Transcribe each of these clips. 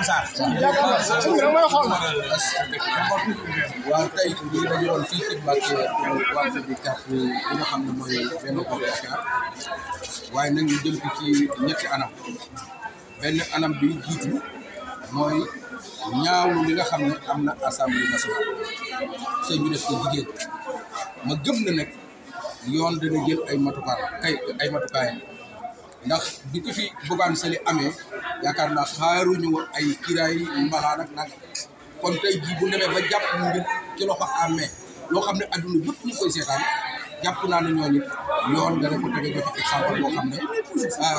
Ousmane Sarr. waaw tey ñu ngi doon fii ci Mbacke waa bi carte bi nga xam ne mooy benn bopp yaakaar waaye nag ñu jëm ci ñetti anam benn anam bi jiitu mooy ñaawlu li nga xam ne am na assemblée nationale te ñu def ko jigéen ma gëm na nag yoon dana jël ay matukaay kay ay matukaay ndax bi ko fi Bougane Sali amee. yaakaar naa xaaruñu woon ay kiraay mbalaa nag nag kon tey jii bu demee ba jàpp mbir ci loxo amee loo xam ne adduna bépp ñu koy seetaan jàpp naa ne ñooñu yoon dana ko tege joxe boo xam ne ah,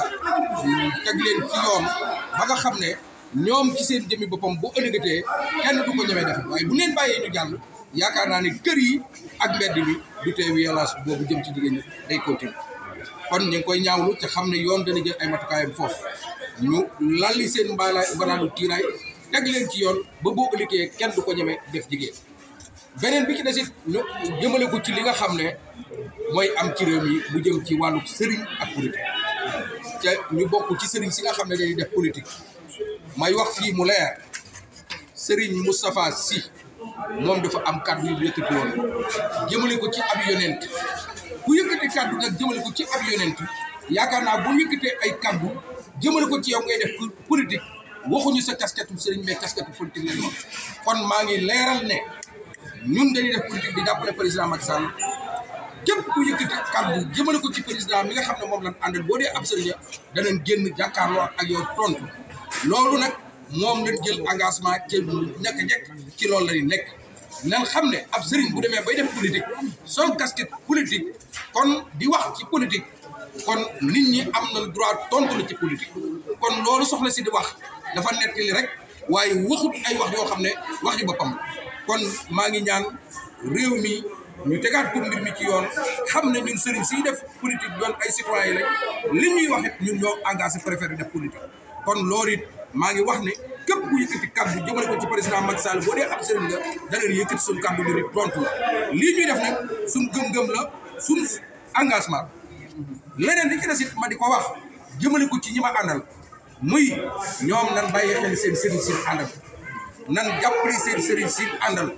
teg leen ci yoon ba xam ne ñoom ci seen jëmmi boppam boo ëllëgatee kenn du ko ñemee def waaye bu leen bàyyee ñu jàll yaakaar naa ne kër yi ak mbedd bi du tee violence boobu jëm ci jigéen ñi day continuer kon ñu ngi koy ñaawlu te xam ne yoon dana jël ay matukaayam foofu. ñu lalli seen mbaalaay mbalaanu kiiraay teg leen ci yoon ba boo ëllëgee kenn du ko ñeme def jigéen beneen bi ci desit ñu jëmale ko ci li nga xam ne mooy am ci réew mi bu jëm ci wàllu sëriñ ak politique te ñu bokk ci sëriñ si nga xam ne dañuy def politique may wax fii mu leer sëriñ Moustapha si moom dafa am kàddu yu yëkkati woon jëmale ko ci ab yonent ku yëkkati kàddu nag jëmale ko ci ab yonent yaakaar naa bu yëkkatee ay kàddu jëmale ko ci yow ngay def politique waxuñu sa casquette sëriñ mais casquette politique la ñu kon maa ngi leeral ne ñun dañuy def politique di jàppale président Macky Sall képp ku yëkkati jëmale ko ci président mi nga xam ne moom lañ àndal boo dee ab sëriñ génn jàkkaarloo ak yow tontu loolu nag moom lañ jël engagement ci ñàkk njëkk ci loolu la nekk. nan xam ne ab sëriñ bu demee bay def politique son casquette politique kon di wax ci politique. kon nit ñi am na droit tontu la ci politique kon loolu soxla si di wax dafa nettali rek waaye waxut ay wax yoo xam ne wax yu boppam kon maa ngi ñaan réew mi ñu tegaat pour mbir mi ci yoon xam ne ñun sëriñ siy def politique doon ay citoyen rek li ñuy wax it ñun ñoo engagé préféré def politique kon lool it maa ngi wax ne képp ku yëkkati kàddu jëmale ko ci président Macky Sall boo dee ab sëriñ nga danañ yëkkati suñu kàddu bi rek tontu la ñuy def nag suñ gëm-gëm la suñ engagement leneen li ci des it ma di ko wax jëmale ko ci ñi ma àndal muy ñoom nan bàyyi xel seen sëriñ si àndal nan jàppale seen sëriñ si àndal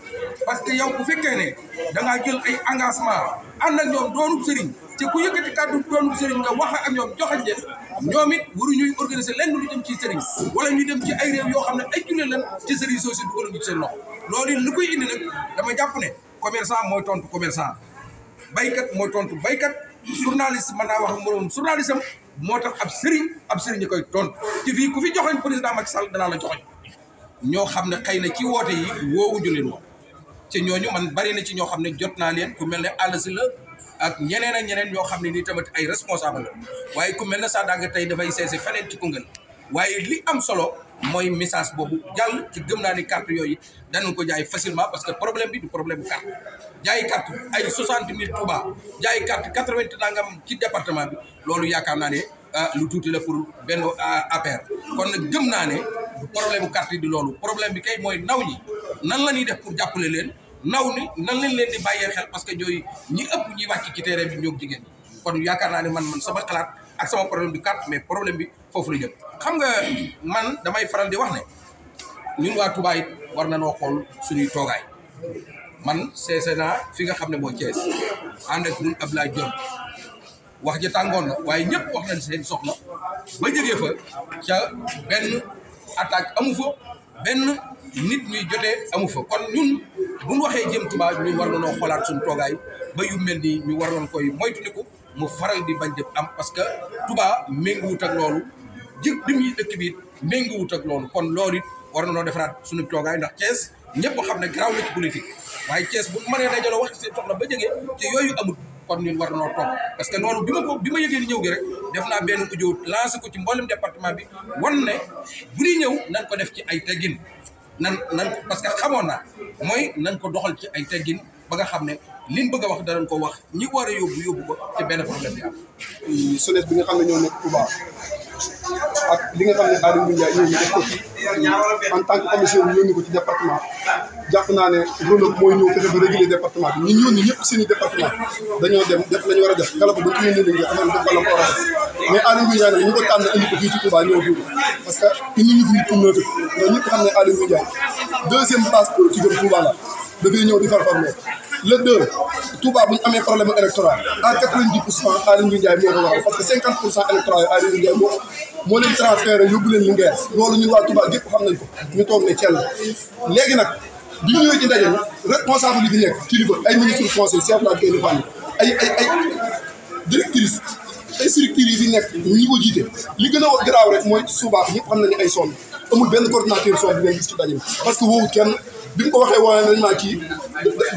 parce que yow bu fekkee ne dangaa jël ay engagement ànd ak ñoom doonub sëriñ te ku yëkkati kàddu doonub sëriñ nga wax ak ñoom joxañ leen ñoom it waru ñuy organiser lenn lu dem ci sëriñ wala ñu dem ci ay réew yoo xam ne ay jullit lan ci sëriñ soosu dugal ñu ci seen loxo loolu it lu koy indi nag dama jàpp ne commerçant mooy tontu commerçant baykat mooy tontu baykat journaliste mën naa wax ak moroom journaliste am moo tax ab sëriñ ab sëriñ ñi koy tontu ci fii ku fi joxoñ président Macky Sall danaa la joxoñ ñoo xam ne xëy na ci woote yi woowuñu leen woon ci ñooñu man bari na ci ñoo xam ne jot naa leen ku mel ne àll si la ak ñeneen ñeneen ñoo xam ne nii tamit ay responsable waaye ku mel ne saa Sadaga tey dafay seesi feneen ci Koungheul waaye li am solo mooy message boobu jàll ci gëm naa ni carte yooyu danañ ko jaay facilement parce que problème bi du problème carte jaay carte ay soixante mille Touba jaay carte quatre vingt nangam ci département bi loolu yaakaar naa ne ah, lu tuuti la pour benn ah, affaire kon nag gëm naa ne du problème bu carte yi di loolu problème bi kay mooy naw ñi nan la ñuy def pour jàppale leen naw ni nan lañ leen di bàyyee xel parce que ñooy ñi ëpp ñi wàcc ci terrain bi ñoo jigéen kon yaakaar naa ne man man sama xalaat ak sama problème du carte mais problème bi foofu la jëm xam nga man damay faral di wax ne ñun waa tubaay it war nañoo xool suñuy toogaay man seese naa fi nga xam ne mooy Thiès ànd ak ñun Abdoulaye Diop wax ji tàngoon na waaye ñëpp wax nañ seen soxla ba jógee fa ca benn attaque amu fa benn nit ñuy jotee amu fa kon ñun bu ñu waxee jëm Touba ñu war nañoo xoolaat suñu toogaay ba yu mel nii ñu war nañ koy moytandiku. mu faral di bañ am parce que Touba méngoowut wutal loolu jëg dim yi dëkk bi méngoowut ak loolu kon loolu it war na noo defaraat suñu toogaay ndax cees ñëpp xam ne garaaw na ci politique waaye Thiès bu mënee dajaloo wax ci seen soxla ba jege ci yooyu amul kon ñun war nañoo toog parce que noonu bi ma ko bi ma yëgee ni ñëw gi rek def naa benn audio lancé ko ci mboolem département bi wan ne bu di ñëw nan ko def ci ay teggin nan nan parce que xamoon naa mooy nan ko doxal ci ay teggin ba nga xam ne liñ bëgg a wax danañ ko wax ñi war yóbbu yóbbu ko te benn problème nga xam ne ñoo nekk Touba ak xam ne Alioune Ndiaye ñoo ñu def ko en tant que commission bi yónni ko ci département jàpp naa ne rôle am mooy ñëw fexe ba réguler département bi ñun yónni ñëpp seen i dañoo dem def la ñu war a def kala ko ba ñu yónnee nga xam ne def ko la ko war a def mais Alioune Ndiaye nag ñu ko tànn indi ko fii que indi ñu fii pour neutre ñoo ñëw di farfar le deux Touba bu ñu amee problème électoral à quatre-vingt-dix pour cent Aliou Ndiaye moo ko parce que cinquante pour cent électoral yi Aliou Ndiaye moo moo leen transféré yóbbu leen Linguère loolu ñun waa Touba gépp xam nañ ko ñu toog ne Thiel léegi nag bi ñu ñëwee ci ndaje responsable yi fi nekk kilifa ay ministre conseil chef la kay dépendant ay ay ay directrice ay structures yi fi nekk ñi ko jiite li gën a garaaw rek mooy subaab ñëpp xam nañu ay sonn amul benn coordinateur sonn bi ngeen gis bi nga ko waxee woo nañ maa kii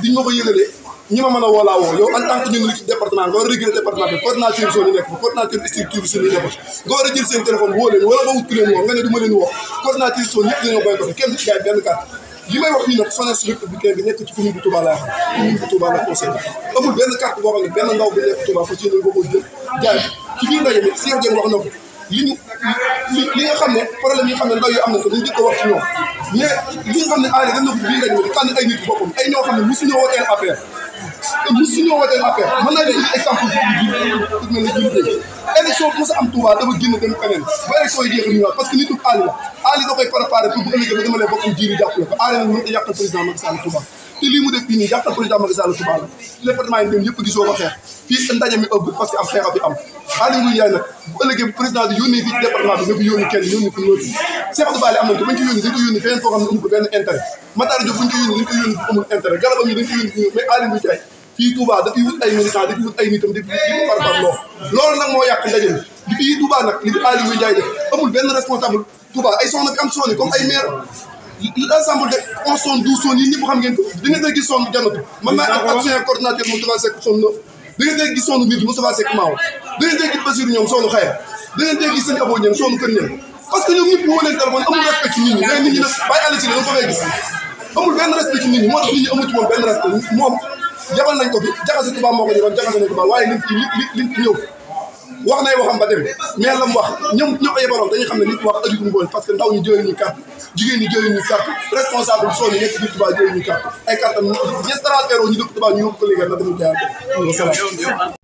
diñ ma ko yëgalee ñi ma mën a woolaa woo yow en tant que ñun ci département nga war a réguler département bi coordinateur zone yi nekk fa coordinateur structure zone yi nekk fa nga war a jël seen téléphone woo leen wala nga wut woo nga ne du leen woo coordinateur zone yëpp dañoo boycotté kenn gaay benn carte li may wax fii nag SONES républicain bi nekk ci commune bu Touba laa xam commune bu Touba la conseil amul benn carte boo xam ne benn ndaw a ko wax na ko li ñu xam ne problème yi nga xam ne ndaw yi am nañ ko dañu jëkk wax ci ñoom mais li xam ne aari def na ko biir ndaje ma di tànn ay nit boppam ay da nii yàqal président Macky Sall fii ndaje mi ëpp parce que am xeex a am Aly Ngouille Ndiaye nag bu ëllëgee bu président bi yónnee fii ci département bi nga fi yónni kenn yónni ko noonu Cheikh Abdou Bally am nañ ko bañ ko yónni dañ ko yónni feneen foo xam ne amul ko benn intérêt Matar Diop buñ ko yónni dañ ko yónni bu amul intérêt garabam yi dañ ko yónni mais Aly Ngouille Ndiaye fii Touba dafay wut ay militant dafay wut ay nitam dafay wut par par loo loolu nag moo yàq ndaje bi fii Touba nag li fi Aly Ngouille Ndiaye def amul benn responsable Touba ay soxna fi am soxna comme ay maire l'ensemble de onze zones douze zones yi ñëpp xam ngeen ko di nga dee gis zone jannatu man maay am action coordinateur moom Moustapha Seck zone neuf di nga dee gis zone biir Moustapha Seck maaw dinañ dégg Basiir ñoom soonu xayma dinañ dégg sëñ Abo ñoom soonu kër ñoom parce que ñoom ñi mais nit ñi ko fay gis amul benn respect ci nit ñi ñi moo ko yoroon dem ñoom ñoo xam ne nit wax aju ko woon parce que ndaw ñu jëlee ñu carte jigéen ñi jëlee ñu carte responsable bi nekk biir tubaab jëlee ñu carte ay carte am ñu transféré dafa ñu